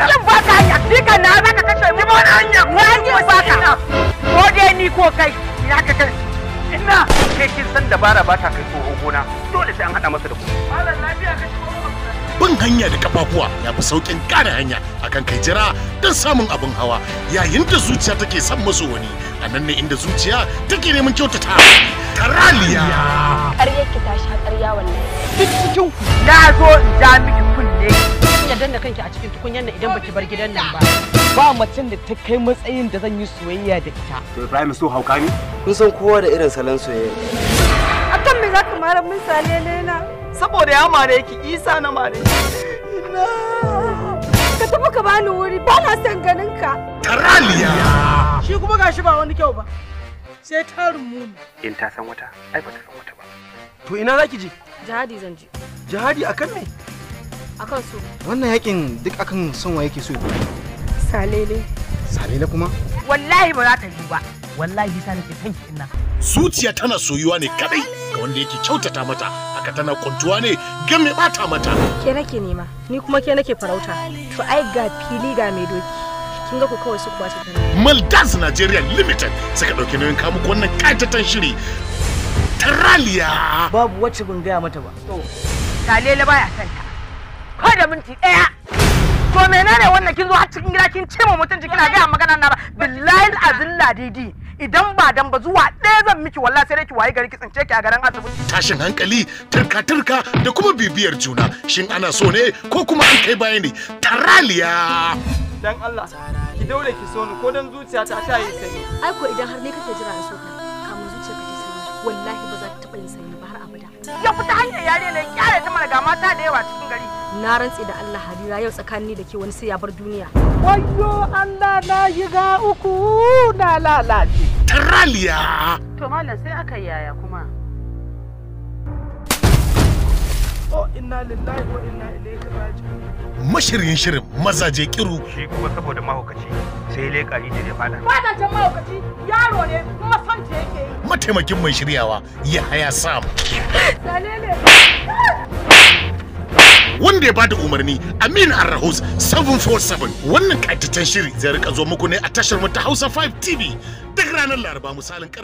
yakin ba ka hanya ni kan na za ka kashe mu ba hanya yakin ba ka ko dai ni ko kai ya ka kai ina kai kin san dabara ba ta kai tsoho gona dole sai an hada masa da ku malam lafiya ka shigo bin hanya da kafafuwa ya fi sauƙin ƙara hanya akan kai jira don samun abin hawa yayin da zuciya take son maso wani a nan ne inda zuciya take neman kyautata karaliya ƙaryar ki ta sha ƙarya wannan duk cikin ku na zo in ja miki danna kanki a cikin tukunyar nan idan baki bar gidan nan ba ba macen da ta kai matsayin da zan yi soyayya da ita to Ibrahim so hauka ni kun san kowa da irin salon soyayya akan me zaka mara min sale na saboda ya mare ki Isa na mare ka tafi ka bani wuri ba na son ganin ka taraliya shi kuma gashi ba wani kyau ba sai tarin muni in ta san wata ai ba ta san wata ba to ina zaki je jihadi zan je jihadi akan me kan su wannan yakin duk akan son wa yake so salele salele kuma wallahi ba za ta yi ba wallahi sa nake son kin nan zuciya tana soyuwa ne kadai ga wanda yake kyautata mata haka tana kuntuwa ne ga mai bata mata ke nake nema ni kuma ke nake farauta to ai ga fili ga mai doki kin ga ku kawai su kwace ta Maldas Nigeria Limited suka dauki nauyin kamu wannan kaitatan shiri Taraliya babu wacce ban gaya mata ba to talele baya santa ko da minti ɗaya to menene wannan kin zo har cikin gida kin ce ma mutunci kina gaya magana na ba billahi azilla didi idan ba dan ba zuwa ɗaya zan miki wallahi sai dai ki waye gari ki tsince ki a garin asibiti tashin hankali turka turka da kuma bibiyar juna shin ana so ne ko kuma an kai baya ne taraliya dan Allah ki daure ki so ni ko dan zuciya ta ta yi sanyi ai ko idan har ne kake jira so ka wallahi ba za ta taɓa yin sanyi ba har abada ya fita hanyar yare ne kyara ta mana ga mata da yawa cikin gari na rantse da Allah harira yau tsakani da ke wani sai ya bar duniya wayo Allah na shiga uku na lalace taraliya to malam sai aka yaya kuma Mashirin shirin mazaje kiru. Shi kuma saboda mahaukaci sai leƙa ido ya fada. Fadacin mahaukaci yaro mataimakin mai shiryawa ya haya sam wanda ya bada umarni amin arrahus 747 wannan kaitaccen shiri zai rika zo muku ne a tashar mu ta hausa 5 tv duk ranar laraba misalin karfe